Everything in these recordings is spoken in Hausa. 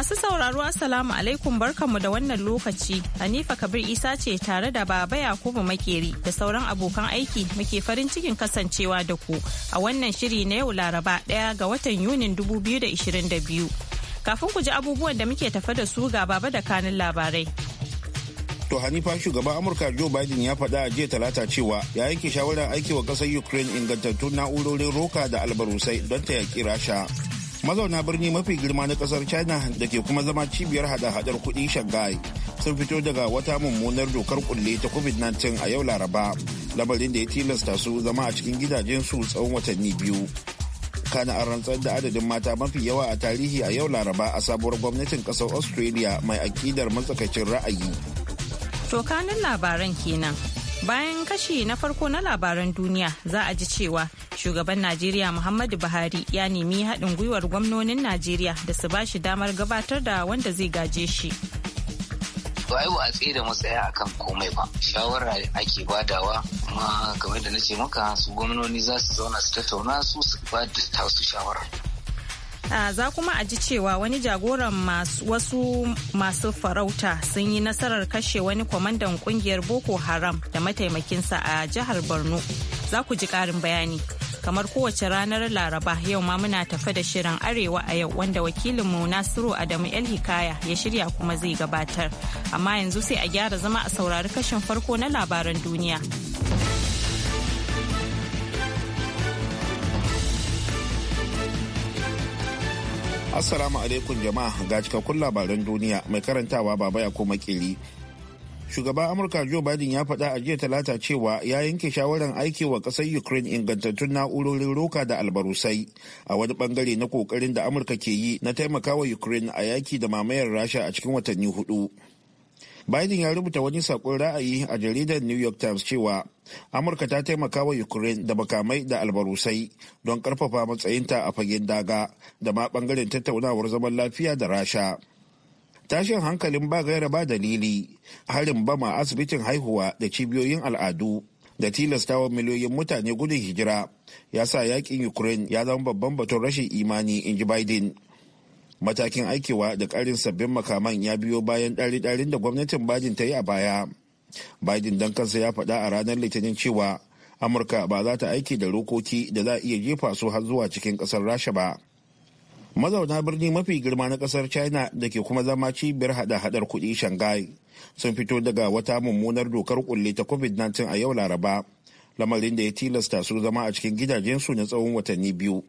Masu sauraro Assalamu alaikum barkanmu da wannan lokaci. Hanifa Kabir Isa ce tare da Baba Yakubu Makeri da sauran abokan aiki muke farin cikin kasancewa da ku a wannan shiri na yau Laraba ɗaya ga watan Yunin 2022. Kafin ku ji abubuwan da muke tafa da su ga Baba da kanin labarai. To Hanifa shugaban Amurka Joe Biden ya faɗa a jiya talata cewa ya yanke shawarar aiki wa ƙasar Ukraine ingantattun na'urorin roka da albarusai don ta yaƙi Rasha. mazauna birni mafi girma na kasar china da ke kuma zama cibiyar hada-hadar kudi shanghai sun fito daga wata mummunar dokar kulle ta covid-19 a yau laraba lamarin da ya tilasta su zama a cikin gidajen su tsawon watanni biyu kana an rantsar da adadin mata mafi yawa a tarihi a yau laraba a sabuwar gwamnatin kasar australia mai akidar matsakaicin ra'ayi to kanin labaran kenan bayan kashi na farko na labaran duniya za a ji cewa shugaban najeriya muhammadu buhari ya nemi haɗin gwiwar gwamnonin najeriya da su ba shi damar gabatar da wanda zai gaje shi ba yi watsi da matsaya akan komai ba shawara ake badawa kuma game da nace maka su gwamnoni za su zauna su tattauna su su ba da tasu shawara za kuma a ji cewa wani jagoran wasu masu farauta sun yi nasarar kashe wani kwamandan kungiyar boko haram da mataimakinsa a jihar borno za ku ji karin bayani kamar kowace ranar laraba yau ma muna tafe da shirin arewa a yau wanda wakilinmu nasiru adamu el hikaya ya shirya kuma zai gabatar amma yanzu sai a gyara zama a saurari kashin farko na labaran duniya assalamu alaikum jama'a ga cikakkun labaran duniya mai karantawa baba ya koma kiri shugaban amurka joe biden ya faɗa a jiya talata cewa ya yanke shawarar aiki wa ƙasar ukraine ingantattun na'urorin roka da albarusai a wani bangare na kokarin da amurka ke yi na taimakawa ukraine a yaki da mamayar rasha a cikin watanni hudu biden ya rubuta wani sakon ra'ayi a jaridar new york times cewa amurka ta taimaka wa ukraine da makamai da albarusai don karfafa matsayinta a fagen daga da ma bangaren tattaunawar zaman lafiya da rasha tashin hankalin ba gaira ba dalili harin bama asibitin haihuwa da cibiyoyin al'adu da tilastawa miliyoyin mutane gudun hijira ya sa yakin ukraine ya zama babban batun rashin imani in ji biden matakin aikewa da karin sabbin makaman ya biyo bayan ɗari-ɗarin da gwamnatin biden ta yi a baya biden don kansa ya faɗa a ranar litinin cewa amurka ba za ta aiki da rokoki da za a iya jefa su har zuwa cikin ƙasar rasha ba mazauna birni mafi girma na kasar china da ke kuma zama cibiyar hada-hadar kudi shanghai sun fito daga wata mummunar dokar kulle ta covid-19 a yau laraba lamarin da ya tilasta su zama a cikin gidajensu na tsawon watanni biyu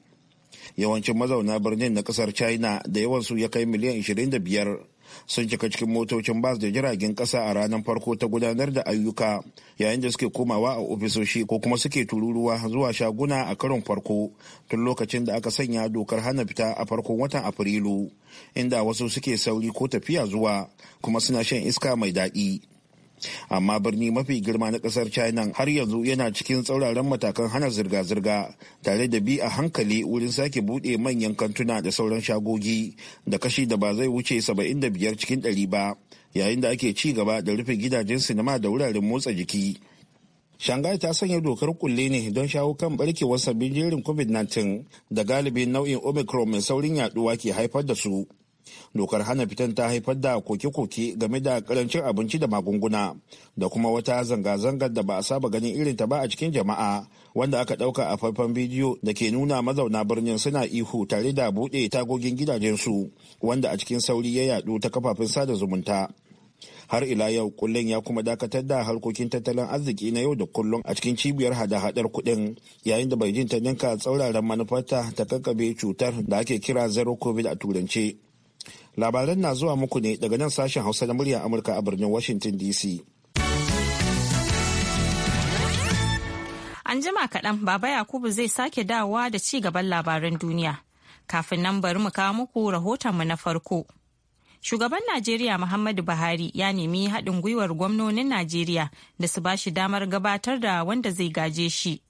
yawancin mazauna birnin na kasar china da yawansu ya kai miliyan 25 sun cika cikin motocin bas da jiragen kasa a ranar farko ta gudanar da ayyuka yayin da suke komawa a ofisoshi ko kuma suke tururuwa zuwa shaguna a karon farko tun lokacin da aka sanya dokar hana fita a farkon watan afrilu inda wasu suke sauri ko tafiya zuwa kuma suna shan iska mai daɗi amma birni mafi girma na kasar china har yanzu yana cikin tsauraran matakan hana zirga-zirga tare da bi a hankali wurin sake bude manyan kantuna da sauran shagogi da kashi da ba zai wuce 75 cikin 100 ba yayin da ake ci gaba da rufe gidajen sinima da wuraren motsa jiki shanghai ta sanya dokar kulle ne don shawo kan barkewar sabbin jerin covid-19 da galibin nau'in omicron mai saurin yaduwa ke haifar da su dokar hana fitan ta haifar da koke-koke game da karancin abinci da magunguna da kuma wata zanga-zangar da ba a saba ganin irin ta ba a cikin jama'a wanda aka dauka a faifan bidiyo da ke nuna mazauna birnin suna ihu tare da buɗe tagogin gidajensu wanda a cikin sauri ya yadu ta kafafen sada zumunta har ila yau kullum ya kuma dakatar da harkokin tattalin arziki na yau da kullum a cikin cibiyar hada-hadar kuɗin yayin da beijing ta ninka tsauraran manufarta ta kakkabe cutar da ake kira zero covid a turance labaran na zuwa muku ne daga nan sashen hausa na muryar amurka a birnin washington dc an jima kaɗan baba yakubu zai sake dawowa da ci gaban labaran duniya kafin nan bari mu kawo muku mu na farko shugaban najeriya muhammadu buhari ya nemi haɗin gwiwar gwamnonin najeriya da su ba shi damar gabatar da wanda zai gaje shi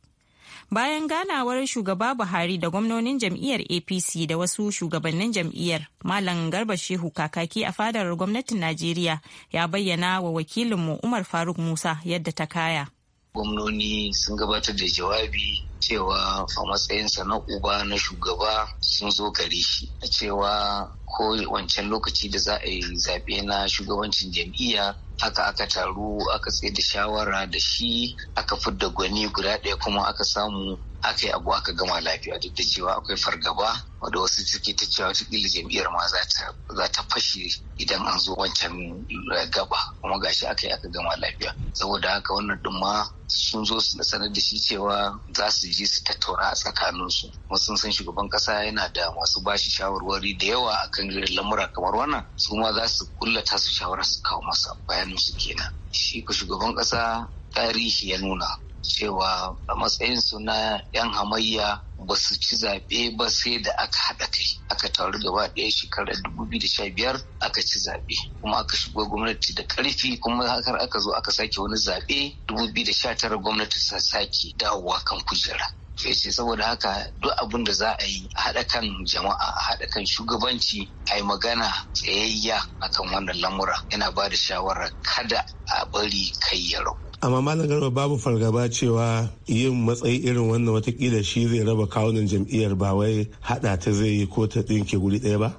bayan ganawar shugaba buhari da gwamnonin jam'iyyar apc da wasu shugabannin jam'iyyar malam garba shehu kakaki a fadar gwamnatin najeriya ya bayyana wa wakilinmu umar faruk musa yadda ta kaya gwamnoni sun gabatar da jawabi cewa a matsayinsa na uba na shugaba sun zo gare shi a cewa ko wancan lokaci da za a yi zaɓe na shugabancin jam'iyya haka aka taru aka tsaye da shawara da shi aka fidda gwani guda ɗaya kuma aka samu aka yi abu aka gama lafiya duk da cewa akwai fargaba wadda wasu suke ta cewa wataƙila jam'iyyar ma za ta fashe idan an zo wancan eh, gaba kuma gashi aka yi aka gama lafiya saboda haka wannan din ma sun zo su sanar da shi cewa za su je su tattauna a tsakaninsu sun san shugaban kasa yana da masu bashi shawarwari da yawa akan lamura kamar wannan su ma za su kullata su shawara su kawo masa bayanin su kenan shi shugaban kasa tarihi ya nuna cewa a matsayinsu na 'yan hamayya ba su ci zaɓe ba sai da aka haɗa kai aka taru gaba ɗaya shekarar biyar aka ci zaɓe kuma aka shigo gwamnati da ƙarfi kuma har aka zo aka sake wani zaɓe tara gwamnati sa sake dawowa kan kujera ya ce saboda haka duk abin da za a yi a haɗa kan jama'a a haɗa kan shugabanci a yi magana tsayayya akan wannan lamura yana ba da shawara kada a bari kai ya rabu amma malam garba babu fargaba cewa yin matsayi irin wannan watakila shi zai raba kawunan jam'iyyar ba wai hada ta zai yi ko ta dinke guri ɗaya ba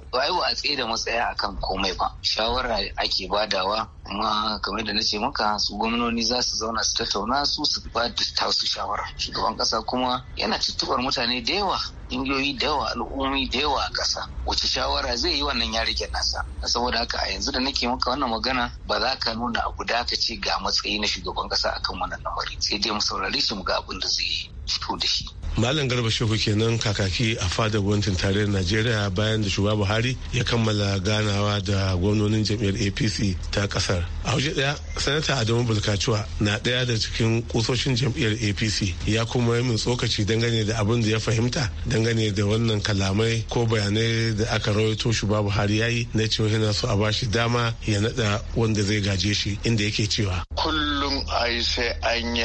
hatsi da matsaya akan komai ba shawara ake badawa kuma kamar da nace maka su gwamnoni za su zauna su tattauna su su ba da tasu shawara shugaban kasa kuma yana tuttubar mutane da yawa ƙungiyoyi da yawa al'ummi da yawa a ƙasa wace shawara zai yi wannan ya rike nasa saboda haka a yanzu da nake maka wannan magana ba za ka nuna abu da ka ce ga matsayi na shugaban kasa akan wannan lamari sai dai mu saurare shi mu ga abin da zai fito da shi Malam Garba Shehu kenan kakaki a fadar gwamnatin tarayyar Najeriya bayan da shugaba Buhari ya kammala ganawa da gwamnonin jam'iyyar APC ta kasar. A waje daya sanata Adamu Bulkacuwa na daya da cikin kusoshin jam'iyyar APC ya kuma yi min tsokaci dangane da abin da ya fahimta dangane da wannan kalamai ko bayanai da aka rawaito shugaba Buhari yi na cewa yana so a bashi dama ya nada wanda zai gaje shi inda yake cewa kullum ai sai an yi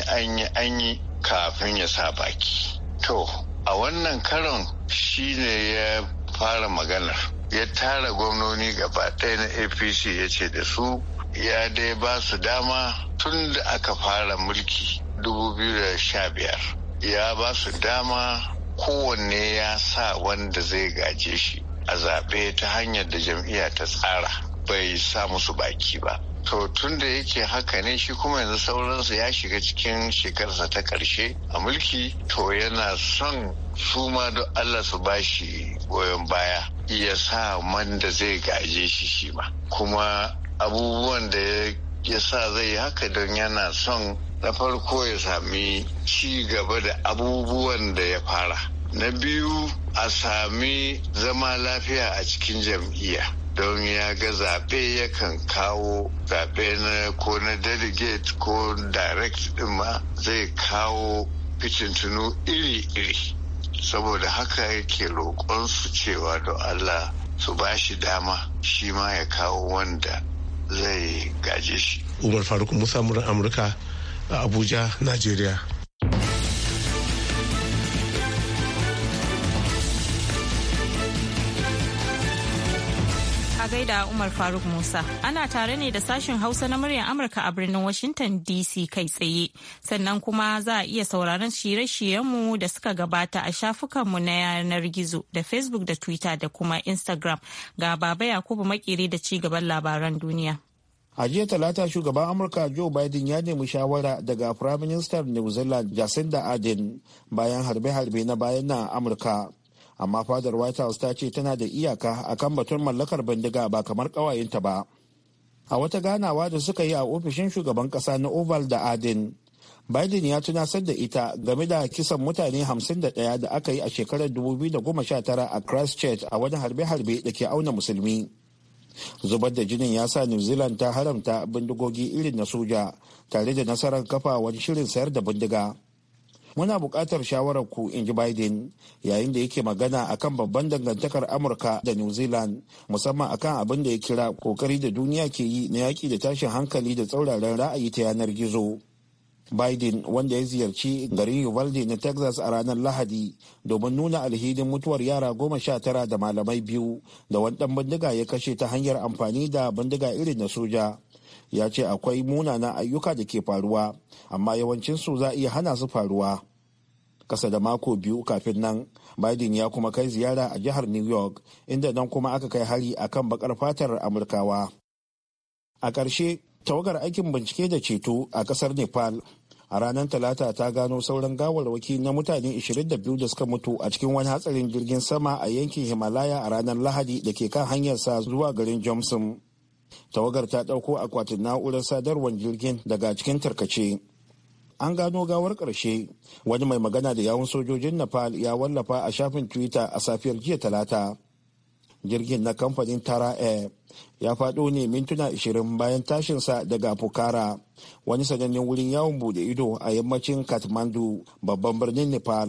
anyi kafin ya sa baki To, a wannan karon shi ne ya fara maganar. Ya tara gwamnoni gaba ɗaya na APC ya ce da su ya dai ba su dama tun da aka fara mulki 2015. Ya ba su dama kowanne ya sa wanda zai gaje shi a zaɓe ta hanyar da jam'iyya ta tsara bai sa musu baki ba. to tun da yake haka ne shi kuma yanzu sauransu ya shiga cikin shekarsa ta ƙarshe a mulki to yana son su ma don allah su ba shi goyon baya Ya sa man da zai gaje shi shi ma kuma abubuwan da ya sa zai haka don yana son na farko ya sami ci gaba da abubuwan da ya fara na biyu a sami zama lafiya a cikin jam'iyya don ya ga zaɓe yakan kawo zaɓe na ko na delegate ko direct ɗin ma zai kawo fitintunu iri-iri saboda haka yake roƙon su cewa da Allah su ba shi dama shi ma ya kawo wanda zai gaje shi. Umar Faruk Musa Murar Amurka a Abuja, Najeriya. da Umar Faruk Musa. Ana tare ne da sashen Hausa na muryar Amurka a birnin Washington DC kai tsaye. Sannan kuma za a iya sauraron shirye-shiryenmu da suka gabata a shafukanmu na yanar gizo da Facebook da Twitter da kuma Instagram. Ga Baba Yakubu Makere da ci gaban labaran duniya. A jiya talata shugaban Amurka Joe Biden ya nemi shawara daga Prime Minister New Zealand Jacinda Ardern bayan harbe-harbe na bayan na Amurka. amma fadar white house ta ce tana da iyaka a kan batun mallakar bindiga ba kamar ƙawayenta ba a wata ganawa da suka yi a ofishin shugaban kasa na oval da adin biden ya tunasar da ita game da kisan mutane 51 da aka yi a shekarar 2019 a christchurch a wani harbe-harbe da ke auna musulmi zubar da jinin ya sa new zealand ta haramta bindigogi irin na soja tare da nasarar kafa wani shirin sayar da bindiga muna buƙatar shawarar ku in ji biden yayin da yake magana akan babban dangantakar amurka da new zealand musamman akan abin da ya kira kokari da duniya ke yi na yaƙi da tashin hankali da tsauraran ra'ayi ta yanar gizo biden wanda ya ziyarci garin uvalde na texas a ranar lahadi domin nuna alhidin mutuwar yara goma sha tara da malamai biyu da wani ɗan bindiga ya kashe ta hanyar amfani da bindiga irin na soja ya ce akwai munana ayyuka da ke faruwa amma yawancinsu za a iya hana su faruwa kasa da mako biyu kafin nan biden ya kuma kai ziyara a jihar new york inda nan kuma aka kai hari a kan bakar fatar amurkawa a ƙarshe tawagar aikin bincike da ceto a ƙasar nepal a ranar talata ta gano sauran gawarwaki na mutane 22 da suka mutu a cikin wani hatsarin jirgin sama a yankin himalaya a ranar lahadi da ke kan hanyar sa zuwa garin johnson tawagar ta ɗauko akwatin na'urar sadarwar jirgin daga cikin tarkace an gano gawar ƙarshe wani mai magana da yawun sojojin nepal ya wallafa a shafin twitter a safiyar jiya talata jirgin na kamfanin tara air ya faɗo ne mintuna 20 bayan tashinsa daga pokhara wani sanannen wurin yawon bude ido a yammacin kathmandu babban birnin nepal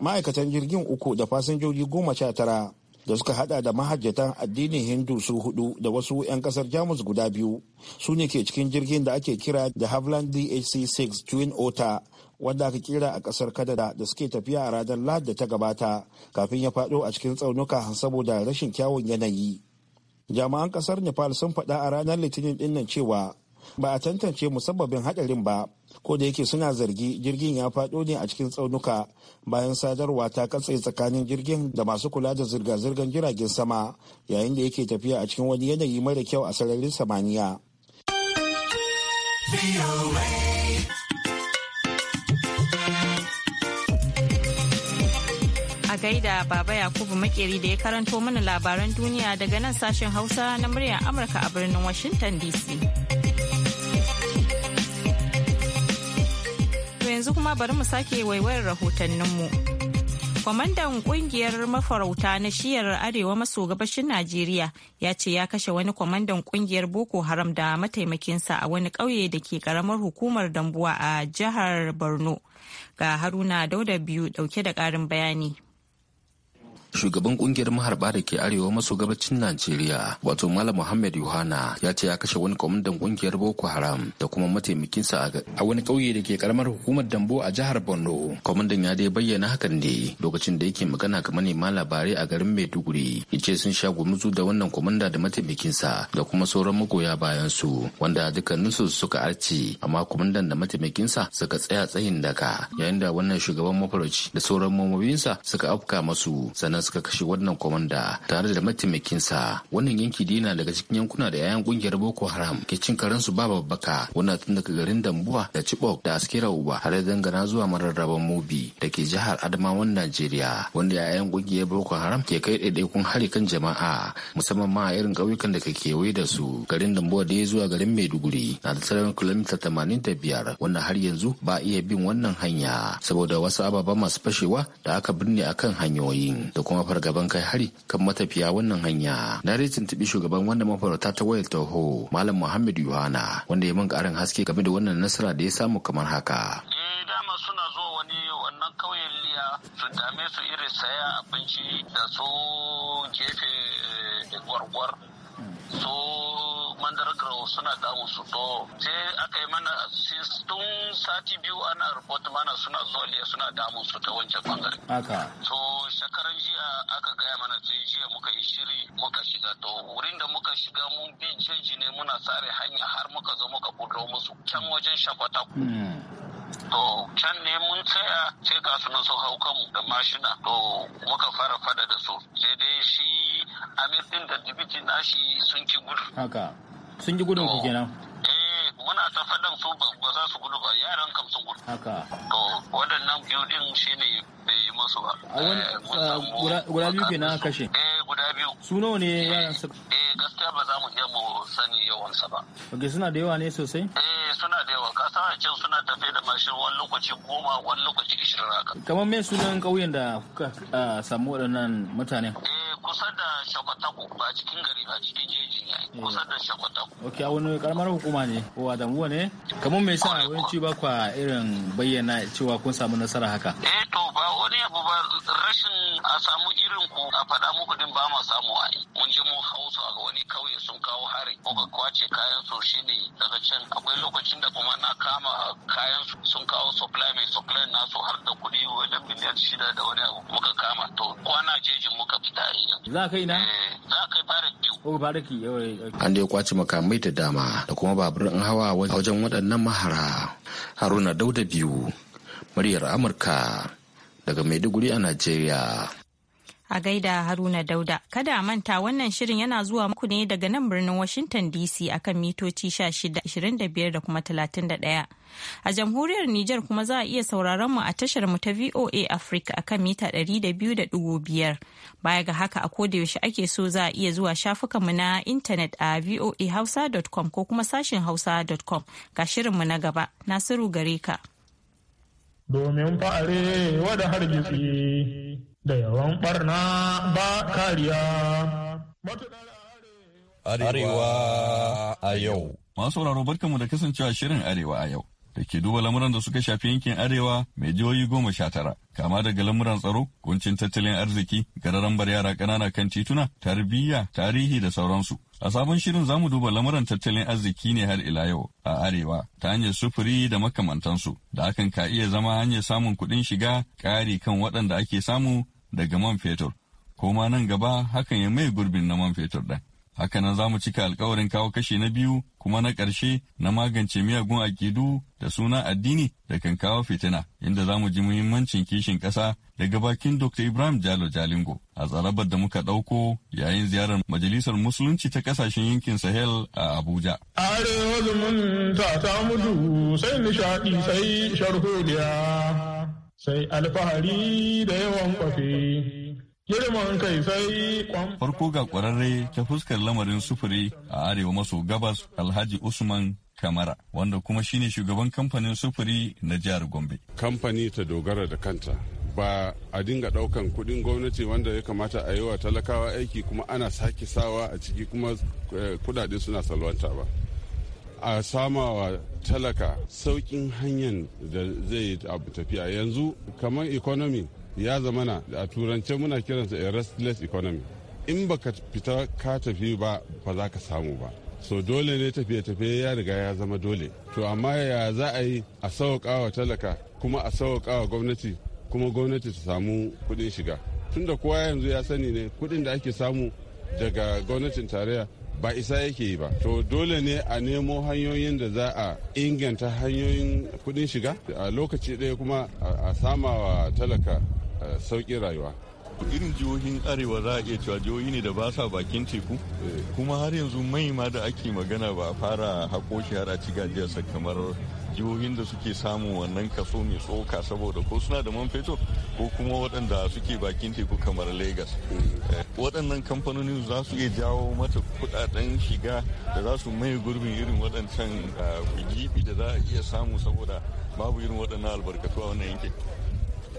ma'aikatan jirgin uku da fasinjoji goma sha tara da suka hada da mahajjatan addinin hindu su hudu da wasu 'yan kasar jamus guda biyu su ne ke cikin jirgin da ake kira da havland dhc-6 twin otter wanda aka kira a kasar kadada da suke tafiya a ranar lahadi ta gabata kafin ya fado a cikin tsaunuka saboda rashin kyawun yanayi jami'an kasar nepal sun faɗa a ranar litinin dinnan cewa ba a tantance musabbabin hadarin ba ko da yake suna zargi jirgin ya faɗo ne a cikin tsaunuka bayan sadarwa ta katse tsakanin jirgin da masu kula da zirga-zirgar jiragen sama yayin da yake tafiya a cikin wani yanayi mara kyau a sararin samaniya a gaida baba yakubu makeri da ya karanto mana labaran duniya daga nan sashen hausa na muryar amurka a birnin washington dc yanzu kuma bari mu sake waiwayar rahotanninmu. Kwamandan kungiyar mafarauta na shiyar Arewa maso gabashin Najeriya ya ce ya kashe wani kwamandan kungiyar Boko Haram da mataimakinsa a wani ƙauye da ke ƙaramar hukumar Dambuwa a jihar Borno. Ga Haruna Dauda biyu ɗauke da ƙarin bayani. shugaban kungiyar maharba da ke arewa maso gabacin najeriya wato malam muhammad yohana ya ce ya kashe wani kwamandan kungiyar boko haram da kuma sa a wani kauye da ke karamar hukumar dambo a jihar borno kwamandan ya dai bayyana hakan ne lokacin da yake magana ga manema labarai a garin maiduguri ya ce sun sha gumuzu da wannan kwamanda da sa da kuma sauran magoya bayan su wanda su suka arci amma kwamandan da mataimakinsa suka tsaya tsayin daka yayin da wannan shugaban mafarauci da sauran mamobinsa suka afka masu sanan suka kashe wannan komanda tare da mataimakinsa wannan yanki dina daga cikin yankuna da yayan kungiyar boko haram ke cin su ba babbaka wannan tun daga garin dambuwa da chibok da askira uba har dangana zuwa mararraban mobi da ke jihar adamawan najeriya wanda yayan kungiyar boko haram ke kai ɗaiɗaikun hari kan jama'a musamman ma a irin ƙauyukan da ke kewaye da su garin dambuwa da ya zuwa garin maiduguri na da salon kilomita tamanin da biyar wanda har yanzu ba iya bin wannan hanya saboda wasu ababa masu fashewa da aka binne akan hanyoyin da kuma kuma fargaban kai hari kan matafiya wannan hanya na dai tuntubi shugaban wannan mafarauta ta wayar taho malam muhammad yohana wanda ya min karin haske game da wannan nasara da ya samu kamar haka eh, su dame su irin saya abinci da su gefe eh, gwargwar su mandar grow suna damun su to sai aka yi mana tun sati biyu ana report mana suna zoliya suna damun su ta wancan bangare. Aka. So shekaran jiya aka gaya mana sai jiya muka yi shiri muka shiga to wurin da muka shiga mun bi jeji ne muna sare hanya har muka zo muka budo musu can wajen shakwata. Hmm. to can ne mun tsaya sai ga sunan sun hau kanmu da mashina to muka fara fada da su sai dai shi amir din da dibiti nashi sun ki gudu sun ji gudun ku kenan eh, muna ta faɗan su ba za su gudu ba yaran kam sun gudu haka to waɗannan biyu din shine bai yi musu ba a wani eh, eh, guda biyu kenan kashe eh guda biyu su nawa ne yaran su eh gaskiya ba za mu je mu sani yawansa ba ok suna da yawa ne sosai eh suna da yawa ka san a can suna tafe da mashin wani lokaci goma wani lokaci ishirin haka kamar me sunan kauyen da kuka samu waɗannan mutanen eh kusa da shakwatako ba cikin gari ba cikin jeji ne kusa da shakwatako ok a wani karamar hukuma ne ko adamuwa ne kamar me sa, yawanci ba kwa irin bayyana cewa kun samu nasara haka eh to ba wani abu ba rashin a samu irin ku a faɗa muku din ba ma samu a mun je mu hausa a wani kauye sun kawo hari ko ka kwace kayan su shine daga can akwai lokacin da kuma na kama kayan sun kawo supply mai supply nasu har da kuɗi wajen miliyan shida da wani abu muka Za ka yi na? Za ka yi fara An da ya kwace makamai da dama da kuma babur an hawa wajen waɗannan mahara. Haruna Dauda biyu, muryar Amurka daga Maiduguri a Najeriya. A gaida Haruna Dauda, kada a manta wannan shirin yana zuwa muku ne daga nan birnin Washington DC akan mitoci 1625 da kuma 31. A jamhuriyar Nijar kuma za a iya sauraron mu a tashar mu ta VOA Africa akan mita 200.5. Baya ga haka a koda yaushe ake so za a iya zuwa shafukan mu na intanet a voahausa.com ko kuma sashin hausa.com ga shirin mu na gaba. Nasiru gare ka. Domin fa'are wada hargitsi da yawan barna ba kariya. Arewa a yau. Masu sauraro barkanmu da kasancewa shirin Arewa a yau. Da ke duba lamuran da suka shafi yankin Arewa mai jihohi goma sha tara, kama daga lamuran tsaro, kuncin tattalin arziki, gararan bar yara ƙanana kan tituna, tarbiyya, tarihi da sauransu. A sabon shirin za mu duba lamuran tattalin arziki ne har ila yau a Arewa ta hanyar sufuri da makamantansu da hakan ka iya zama hanyar samun kuɗin shiga ƙari kan waɗanda ake samu daga man fetur ko ma nan gaba hakan ya mai gurbin na man fetur ɗin. Hakanan za mu cika alkawarin kawo kashi na biyu kuma na ƙarshe na magance miyagun akidu da suna addini da kan kawo fitina inda za mu ji muhimmancin kishin ƙasa daga bakin Dr. Ibrahim Jalo Jalingo a tsarabar da muka ɗauko yayin ziyarar Majalisar Musulunci ta ƙasashen yankin Sahel a Abuja. Arewa zumunta ta mudu sai sai sai alfahari da yawan kwafi. Girman kai sai Farko ga kwararre ta fuskar lamarin sufuri a arewa maso gabas Alhaji Usman Kamara, wanda kuma shine shugaban kamfanin sufuri na jihar Gombe. Kamfani ta dogara da kanta. ba a dinga daukan kudin gwamnati wanda ya kamata a yi wa talakawa aiki kuma ana sake sawa a ciki kuma eh, kudade suna salwanta ba a samawa talaka sauƙin hanyar da zai abu tafiya yanzu kamar economy ya zamana a turance muna kiransa a restless economy in ba ka fita ka tafi ba ba za ka samu ba so dole ne tafiye-tafiye ya riga ya zama dole to amma ya za a yi a sauƙa wa talaka kuma a sauƙa wa gwamnati kuma gwamnati ta samu kuɗin shiga tunda kowa yanzu ya sani ne kuɗin da ake samu daga gwamnatin tarayya ba isa yake yi ba to dole ne a nemo hanyoyin da za a inganta hanyoyin kudin shiga a lokaci ɗaya kuma a sama wa talaka eh, sauƙi rayuwa irin jihohin arewa za a iya cewa jihohi ne da ba sa bakin teku eh. kuma har yanzu mai ma da ake magana ba a fara hako shi har a ci gajiyarsa kamar jihohin da suke samun wannan kaso mai tsoka saboda ko suna da man fetur ko kuma waɗanda suke bakin teku kamar lagos eh, waɗannan kamfanonin za su iya jawo mata kuɗaɗen shiga da za su maye gurbin irin waɗancan eh, gibi da za a iya samu saboda babu irin waɗannan albarkatu a wannan yankin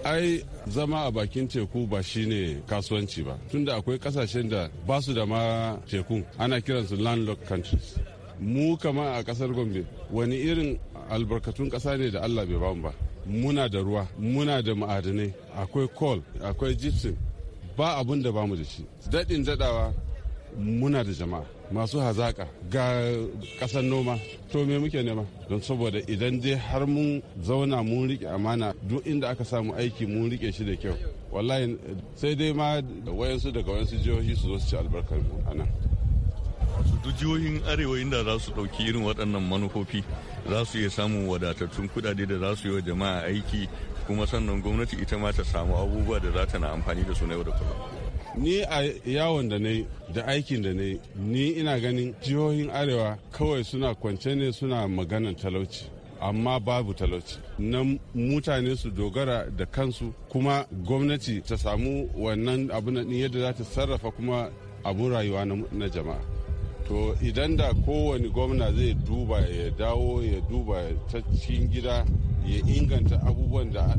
ai zama a bakin teku ba shine kasuwanci ba tunda akwai kasashen da ba su da ma tekun ana kiransu landlocked countries mu kama a kasar gombe wani irin albarkatun ƙasa ne da allah bai bamu ba muna da ruwa muna da ma'adanai akwai kol, akwai gypsum ba abun da bamu da shi daɗin daɗawa muna da jama'a masu hazaƙa ga ƙasar noma to me muke nema don saboda idan dai har mun zauna mun rike amana duk inda aka samu aiki mun rike shi da kyau wallahi sai dai ma wayansu daga wayansu jihohi su zo su ci albarkar mu anan su duk jihohin arewa inda za su ɗauki irin waɗannan manufofi za su iya samun wadatattun kudade da za su yi wa jama'a aiki kuma sannan gwamnati ita ma ta samu abubuwa da za ta na amfani da su na yau da kullum ni a yawon da na yi da aikin da na yi ni ina ganin jihohin arewa kawai suna kwance ne suna maganan talauci amma babu talauci na mutane su dogara da kansu kuma gwamnati ta samu wannan abu na yadda za ta sarrafa kuma abun rayuwa na jama'a to idan da kowane gwamna zai duba ya dawo ya duba ta cikin gida ya inganta abubuwan da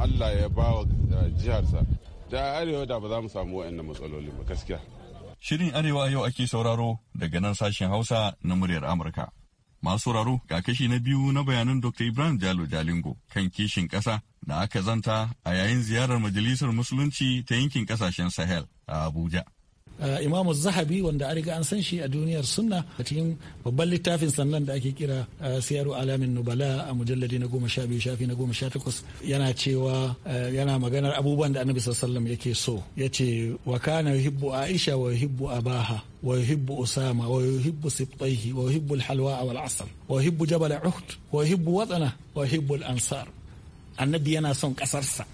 allah ya ba wa eh, jiharsa da arewa da ba za mu samu wa'annan matsaloli ba gaskiya shirin arewa yau ake sauraro daga nan sashen hausa na muryar amurka masu sauraro ga kashi na biyu na bayanan dr ibrahim jalo jalingo kan kishin ƙasa da aka zanta a yayin ziyarar majalisar musulunci ta yankin ƙasashen sahel a abuja Eh, imamu zahabi wanda an riga an san shi a duniyar sunna a cikin babban littafin sannan da ake kira eh, siyaru alamin nubala a mujalladi na goma sha biyu shafi na goma sha takwas yana cewa eh, yana maganar abubuwan da annabi sallallahu yake so ya ce wa kana yuhibbu aisha wa yuhibbu abaha wa yuhibbu usama wa yuhibbu sibtaihi wa yuhibbu alhalwa wal asal wa yuhibbu jabal uhud wa yuhibbu watana wa yuhibbu ansar annabi yana son kasarsa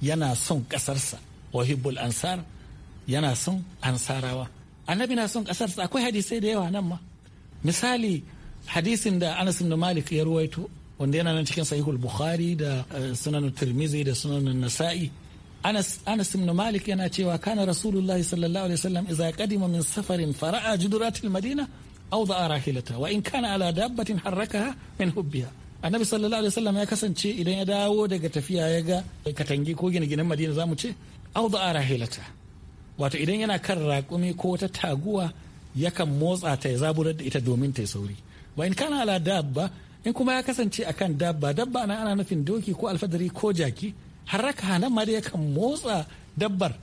yana son kasarsa wa yuhibbu ansar yana son ansarawa annabi na son kasar akwai hadisai da yawa nan ma misali hadisin da anas ibn malik ya ruwaito wanda yana nan cikin sahihul bukhari da eh, sunan tirmizi da sunan nasa'i anas anas malik yana cewa kana rasulullahi sallallahu alaihi wasallam idza qadima min safarin fara'a juduratil madina aw da'a rahilata wa in kana ala dabbatin harrakaha min hubbiha annabi sallallahu alaihi wasallam ya kasance idan ya dawo daga tafiya ya ga katangi ko gine-ginen madina zamu ce aw da'a rahilata wato idan yana kan raƙumi ko wata taguwa yakan motsa ta ya zaburar da ita domin ta sauri wa in kana ala dabba in kuma ya kasance a kan dabba dabba na ana nufin doki ko alfadari ko jaki haraka hana ma da yakan motsa dabbar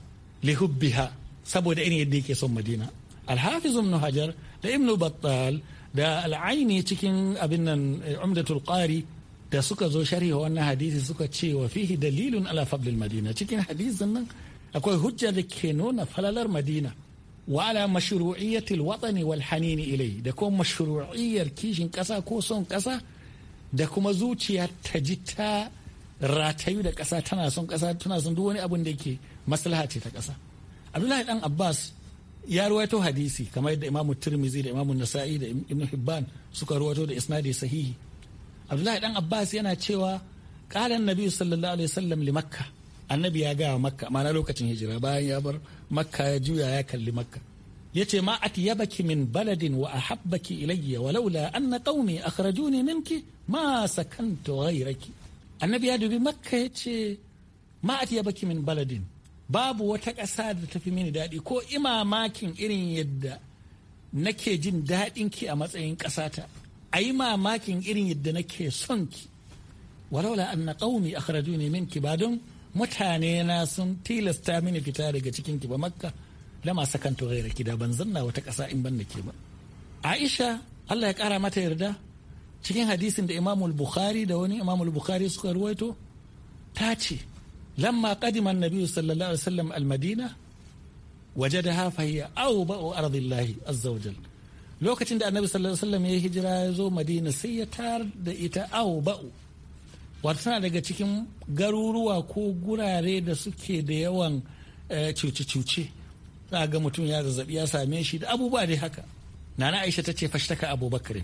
lihubbiha saboda irin yadda yake son madina alhafiz ibn hajar da ibn battal da al'aini cikin abin nan eh, umdatul qari da suka zo sharhi wannan hadisi suka ce wa fihi dalilun ala fadl madina cikin hadisin nan akwai hujjar da ke nuna falalar madina wa ala mashru'iyyatil watani wal hanini ilai da kuma mashru'iyyar kishin ƙasa ko son ƙasa da kuma zuciya ta ji ta ratayu da ƙasa tana son ƙasa tana son duk wani abin da ke maslaha ce ta ƙasa abdullahi dan abbas ya ruwaito hadisi kamar yadda imamu tirmizi da imamu nasa'i da ibn hibban suka ruwaito da isnadi sahihi abdullahi dan abbas yana cewa qala annabi sallallahu alaihi wasallam li makka annabi ya gaya makka ma'ana lokacin hijira bayan ya bar makka ya juya ya kalli makka ya ce ma a atyabaki min baladin wa a ahabbaki ilayya walaula a qaumi ne minki ma sakantu ghayraki annabi ya dubi makka ya ce ma a atyabaki min baladin babu wata ƙasa da tafi mini daɗi ko imamakin irin yadda nake jin daɗin ki a matsayin ƙasata a yi mamakin irin yadda nake son ki walaula a qaumi ne minki ba don mutane na sun tilasta mini fita daga cikin ki ba makka lama sakan torera gida ban zanna wata ƙasa in ban da ke ba aisha allah ya ƙara mata yarda cikin hadisin da imamul bukhari da wani imamul bukhari suka ruwaito ta ce lamma qadima annabi sallallahu alaihi wasallam almadina wajadaha fa hiya awba'u ardillahi azza wa lokacin da annabi sallallahu alaihi wasallam ya hijira ya zo madina sai ya tar da ita awba'u wata tana daga cikin garuruwa ko gurare da suke da yawan eh, cuce-cuce za ga mutum ya zazzabi ya same shi da abubuwa dai haka nana aisha ta ce fashtaka abubakar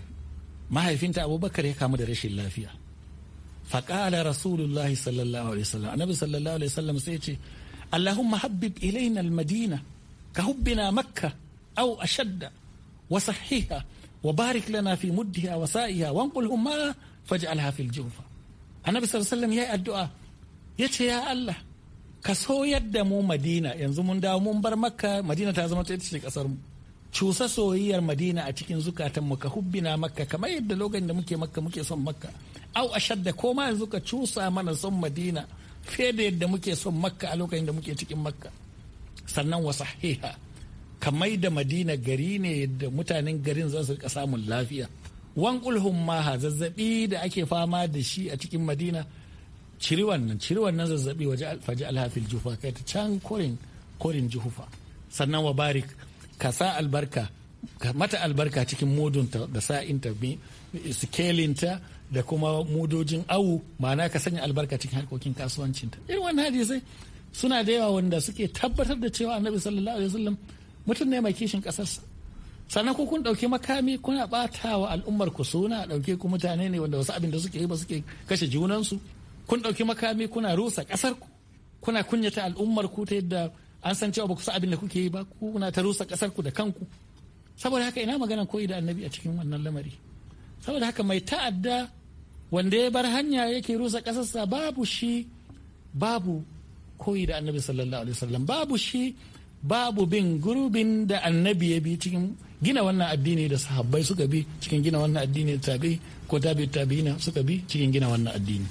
mahaifinta abubakar ya kamu da rashin lafiya faƙala rasulullahi sallallahu alaihi wasallam annabi sallallahu alaihi wasallam sai ce allahumma habbib ilaina almadina ka hubbina makka aw ashadda wa sahiha wa barik lana fi muddiha wa sa'iha wa anqul humma faj'alha fil jufa annabi sallallahu ya yi addu'a ya ce ya Allah ka so yadda mu madina yanzu mun dawo mun bar makka madina ta zama ta ce kasar mu cusa soyayyar madina a cikin zukatan mu ka hubbina makka kamar yadda lokacin da muke makka muke son makka au ashadda ko ma yanzu ka cusa mana son madina fiye da yadda muke son makka a lokacin da muke cikin makka sannan wa sahiha ka da madina gari ne yadda mutanen garin za su rika samun lafiya humma maha zazzabi da ake fama da shi a cikin madina ciri wannan ciri wannan zazzabi waje alfaji alhafil jufa kai ta can korin korin juhufa sannan wa barik ka sa albarka ka mata albarka cikin mudunta da sa sa'inta sikelinta da kuma modojin awu ma'ana ka sanya albarka cikin harkokin kasuwancinta irin wannan hadisai suna da yawa wanda suke tabbatar da cewa annabi sallallahu alaihi wasallam mutum ne mai kishin kasarsa sannan ku kun dauki makami kuna bata wa al'ummar ku suna dauke ku mutane ne wanda wasu abin da suke yi ba suke kashe junansu kun dauki makami kuna rusa kasar ku kuna kunyata al'ummar ku ta yadda an san cewa ba ku abin da kuke yi ba kuna ta rusa kasar ku da kanku saboda haka ina magana koyi da annabi a cikin wannan lamari saboda haka mai ta'adda wanda ya bar hanya yake rusa kasarsa babu shi babu koyi da annabi sallallahu alaihi wasallam babu shi babu bin gurbin da annabi ya bi cikin gina wannan addini da sahabbai suka bi cikin gina wannan addini tabi ko tabi tabi'ina suka bi cikin gina wannan addini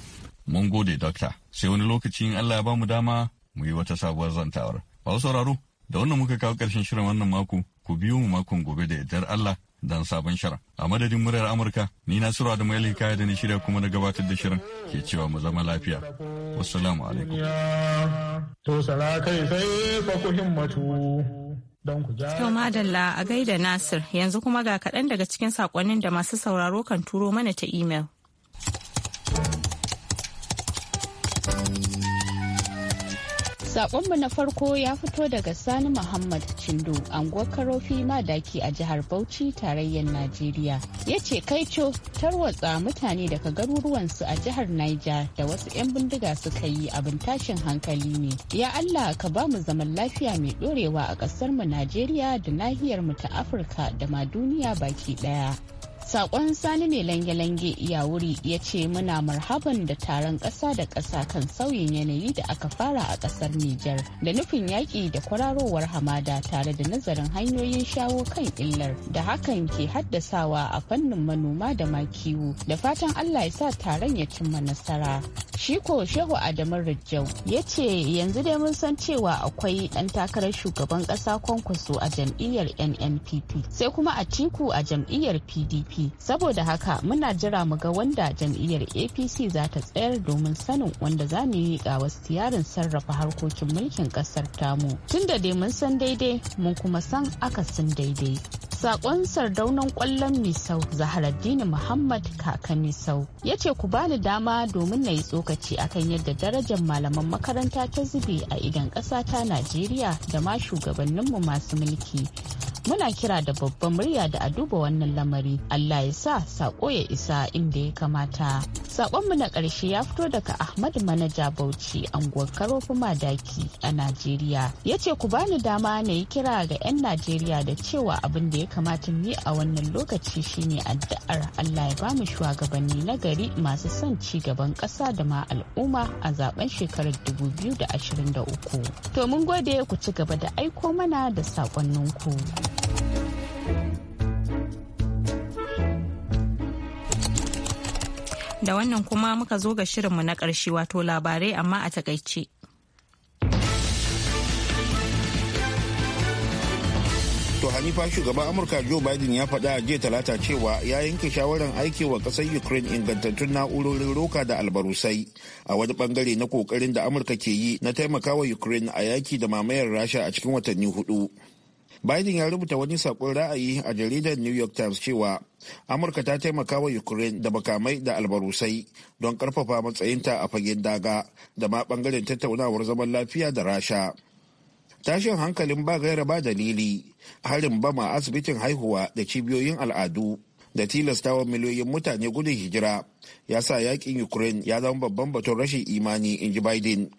mun gode dokta sai wani lokaci in Allah ya bamu dama mu yi wata sabuwar zantawar ba sauraro da wannan muka kawo karshen shirin wannan mako ku biyo mu makon gobe da yardar Allah dan sabon shirin a madadin muryar Amurka ni na sura da maili kaya da ni shirya kuma na gabatar da shirin ke cewa mu zama lafiya wassalamu alaikum to sai fa himmatu don ku ja. To a gaida Nasir yanzu kuma ga kaɗan daga cikin saƙonnin da masu sauraro kan turo mana ta imel. Sakonmu na farko ya fito daga Sani Muhammad Chindo, anguwar Karofi Madaki a jihar Bauchi, tarayyar Najeriya. Ya ce kai kaico tarwatsa mutane daga garuruwansu a jihar Niger da wasu 'yan bindiga suka yi abin tashin hankali ne. Ya Allah ka ba mu zaman lafiya mai ɗorewa a ƙasarmu Najeriya da nahiyarmu ta Afirka da ma duniya baki ɗaya. Sakon Sani mai lange-lange ya wuri ya ce muna marhaban da taron ƙasa da ƙasa kan sauyin yanayi da aka fara a ƙasar Nijar da nufin yaƙi da kwararowar hamada tare da nazarin hanyoyin shawo kan illar da hakan ke haddasawa a fannin manoma da ma kiwo da fatan Allah ya sa taron ya cimma nasara. Shiko Shehu Adamu Rijau ya ce yanzu dai mun san cewa akwai ɗan takarar shugaban ƙasa kwankwaso a jam'iyyar NNPP sai kuma a ciku a jam'iyyar PDP ciki saboda haka muna jira mu ga wanda jam'iyyar apc za ta tsayar domin sanin wanda za mu yi ga wasu tiyarin sarrafa harkokin mulkin kasar tamu tunda da mun san daidai mun kuma san akasin daidai sakon sardaunan kwallon misau zaharaddini muhammad kaka misau ya ce ku bani dama domin na yi tsokaci akan yadda darajar malaman makaranta ta zube a idan ƙasa ta najeriya da ma shugabanninmu masu mulki muna kira da babban murya da a duba wannan lamari allah ya sa sako ya isa inda ya kamata sakonmu na ƙarshe ya fito daga ahmad manaja bauchi anguwar karofi madaki a najeriya ya ce ku bani dama na yi kira ga 'yan najeriya da cewa abin da ya kamata ni a wannan lokaci shine addu'ar allah ya bamu shugabanni na gari masu son ci gaban ƙasa da ma al'umma a zaben shekarar 2023 to mun gode ku ci gaba da aiko mana da sakonninku. Da wannan kuma muka zo ga shirinmu na ƙarshe wato labarai amma a takaice. To Hanifa shugaban Amurka Joe Biden ya faɗa a jiya talata cewa ya yanke shawarar aikewa ƙasar Ukraine ingantattun na'urorin roka da albarusai a wani bangare na ƙoƙarin da Amurka ke yi na taimakawa Ukraine a yaki da mamayar Rasha a cikin watanni hudu. Biden ya rubuta wani sakon ra'ayi a jaridar New York Times cewa Amurka ta taimaka wa Ukraine da makamai da albarusai don karfafa matsayinta a fagen daga da ma bangaren tattaunawar zaman lafiya da Rasha. Tashin hankalin ba gaira ba dalili, harin bama asibitin haihuwa da cibiyoyin al'adu da tilastawa miliyoyin mutane gudun hijira ya sa yakin Ukraine ya zama babban batun rashin imani, in ji Biden.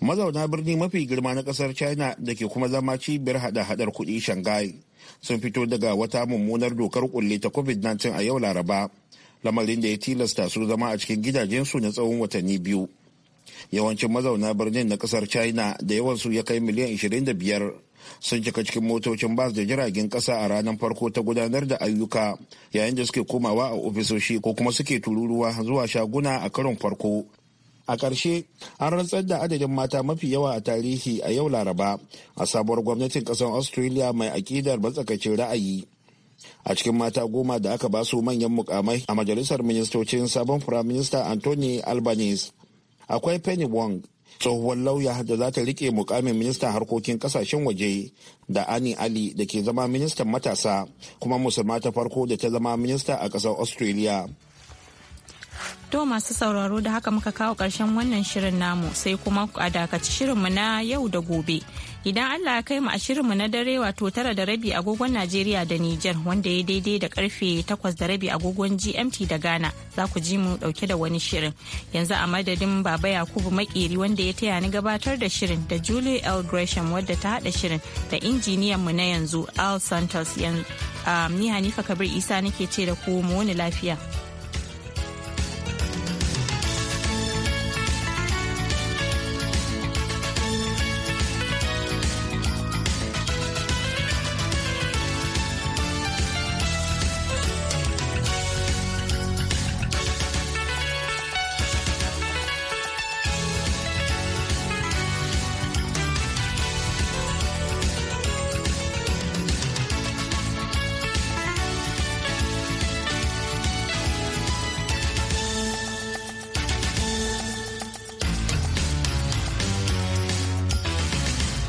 mazauna birni mafi girma na kasar china da ke kuma zama cibiyar hada-hadar kudi shanghai sun fito daga wata mummunar dokar kulle ta covid-19 a yau laraba lamarin da ya tilasta su zama a cikin gidajensu na tsawon watanni biyu yawancin mazauna birnin na kasar china da yawan su ya kai miliyan 25 sun cika cikin motocin bas da jiragen kasa a ranar farko ta gudanar da ayyuka yayin da suke komawa a ofisoshi ko kuma suke tururuwa zuwa shaguna a karon farko a ƙarshe an rantsar da adadin mata mafi yawa a tarihi a yau laraba a sabuwar gwamnatin ƙasar australia mai aƙidar matsakaicin ra'ayi a cikin mata goma da aka ba su manyan mukamai a majalisar ministocin sabon firaminista anthony albanese akwai penny wong tsohuwar lauya da za ta rike mukamin ministan harkokin kasashen waje da ani ali da ke zama ministan matasa kuma musulma ta farko da ta zama minista a ƙasar australia To masu sauraro da haka muka kawo ƙarshen wannan shirin namu sai kuma a dakaci shirinmu na yau da gobe. Idan Allah ya kai mu a shirinmu na dare wato tara da rabi agogon Najeriya da Nijar wanda ya daidai da karfe takwas da rabi agogon GMT da Ghana za ku ji mu dauke da wani shirin. Yanzu a madadin Baba Yakubu Makeri wanda ya taya ni gabatar da shirin da Julie L. Gresham wadda ta haɗa shirin da injiniyan mu na yanzu Al Santos yanzu. Ah, ni Hanifa Kabir Isa nake ce da ku mu wani lafiya.